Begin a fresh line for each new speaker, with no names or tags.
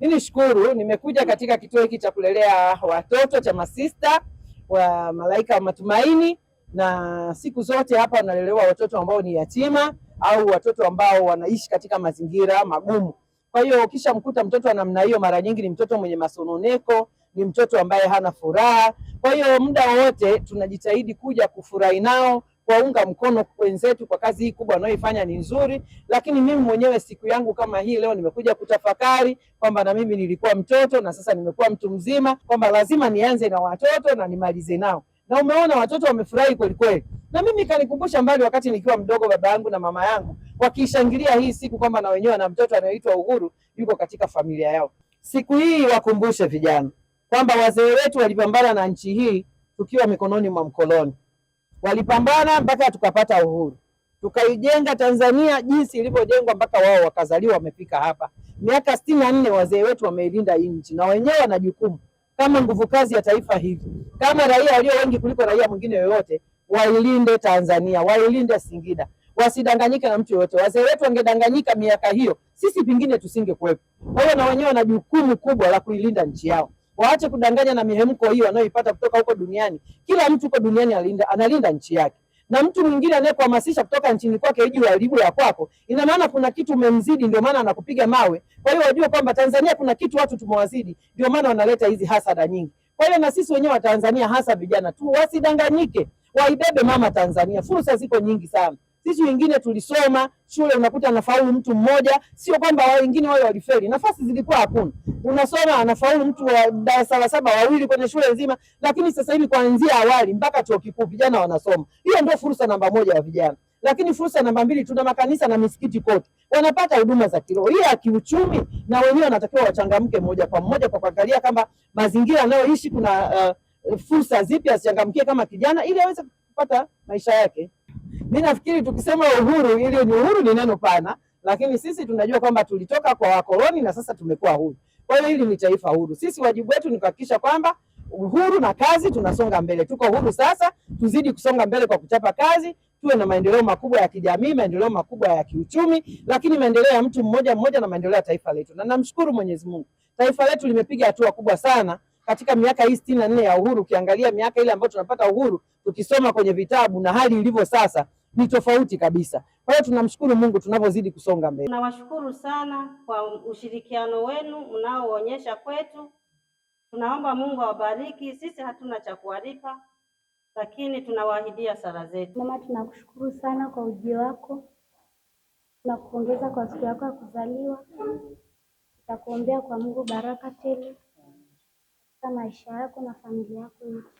Mi nishukuru nimekuja katika kituo hiki cha kulelea watoto cha masista wa Malaika wa Matumaini, na siku zote hapa wanalelewa watoto ambao ni yatima au watoto ambao wanaishi katika mazingira magumu. Kwa hiyo ukisha mkuta mtoto wa namna hiyo, mara nyingi ni mtoto mwenye masononeko, ni mtoto ambaye hana furaha. Kwa hiyo muda wote tunajitahidi kuja kufurahi nao, kuwaunga mkono wenzetu kwa kazi hii kubwa wanayoifanya ni nzuri, lakini mimi mwenyewe siku yangu kama hii leo nimekuja kutafakari kwamba na mimi nilikuwa mtoto na sasa nimekuwa mtu mzima, kwamba lazima nianze na watoto na nimalize nao, na umeona watoto wamefurahi kweli kweli na mimi kanikumbusha mbali wakati nikiwa mdogo, baba yangu na mama yangu wakishangilia hii siku kwamba na wenyewe na mtoto anayeitwa Uhuru yuko katika familia yao. Siku hii wakumbushe vijana kwamba wazee wetu walipambana na nchi hii tukiwa mikononi mwa mkoloni. Walipambana mpaka tukapata uhuru, tukaijenga Tanzania jinsi ilivyojengwa mpaka wao wakazaliwa wamefika hapa. Miaka sitini na nne wazee wetu wameilinda hii nchi, na wenyewe wana jukumu kama nguvu kazi ya taifa hivi, kama raia walio wengi kuliko raia mwingine yoyote, wailinde Tanzania, wailinde Singida, wasidanganyike na mtu yoyote. Wazee wetu wangedanganyika miaka hiyo, sisi pengine tusingekuwepo. Kwa hiyo na wenyewe wana jukumu kubwa la kuilinda nchi yao waache kudanganya na mihemko hiyo wanayoipata kutoka huko duniani. Kila mtu huko duniani alinda, analinda nchi yake na mtu mwingine anayekuhamasisha kutoka nchini kwake iji uharibu ya kwako, ina maana kuna kitu umemzidi, ndio maana anakupiga mawe. Kwa hiyo wajue kwamba Tanzania kuna kitu watu tumewazidi, ndio maana wanaleta hizi hasada nyingi. Kwa hiyo na sisi wenyewe Watanzania, hasa vijana tu, wasidanganyike, waibebe mama Tanzania, fursa ziko nyingi sana. Sisi wengine tulisoma shule, unakuta anafaulu mtu mmoja, sio kwamba wengine wale walifeli, nafasi zilikuwa hakuna. Unasoma anafaulu mtu wa darasa la saba wawili kwenye shule nzima, lakini sasa hivi kuanzia awali mpaka chuo kikuu vijana wanasoma. Hiyo ndio fursa namba moja ya vijana. Lakini fursa namba mbili, tuna makanisa na misikiti kote, wanapata huduma za kiroho. Hiyo ya kiuchumi, na wenyewe wanatakiwa wachangamke moja kwa moja kwa kuangalia kama mazingira anayoishi kuna uh, fursa zipi azichangamkie kama kijana, ili aweze kupata maisha yake. Mi nafikiri tukisema uhuru, ili ni uhuru ni neno pana, lakini sisi tunajua kwamba tulitoka kwa wakoloni na sasa tumekuwa huru. Kwa hiyo hili ni taifa huru. Sisi wajibu wetu ni kuhakikisha kwamba uhuru na kazi tunasonga mbele. Tuko huru sasa, tuzidi kusonga mbele kwa kuchapa kazi, tuwe na maendeleo makubwa ya kijamii, maendeleo makubwa ya kiuchumi, lakini maendeleo ya mtu mmoja mmoja na maendeleo ya taifa letu. Na namshukuru Mwenyezi Mungu, taifa letu limepiga hatua kubwa sana katika miaka hii sitini na nne ya uhuru. Ukiangalia miaka ile ambayo tunapata uhuru, tukisoma kwenye vitabu na hali ilivyo sasa ni tofauti kabisa. Kwa hiyo tunamshukuru Mungu tunavyozidi kusonga mbele.
Tunawashukuru sana kwa ushirikiano wenu mnaoonyesha kwetu. Tunaomba Mungu awabariki. Sisi hatuna cha kuwalipa, lakini tunawaahidia sala zetu.
Mama, tunakushukuru sana kwa ujio wako, tunakupongeza kwa siku yako ya kuzaliwa. Tutakuombea kwa Mungu baraka tele katika maisha yako na familia yako yote.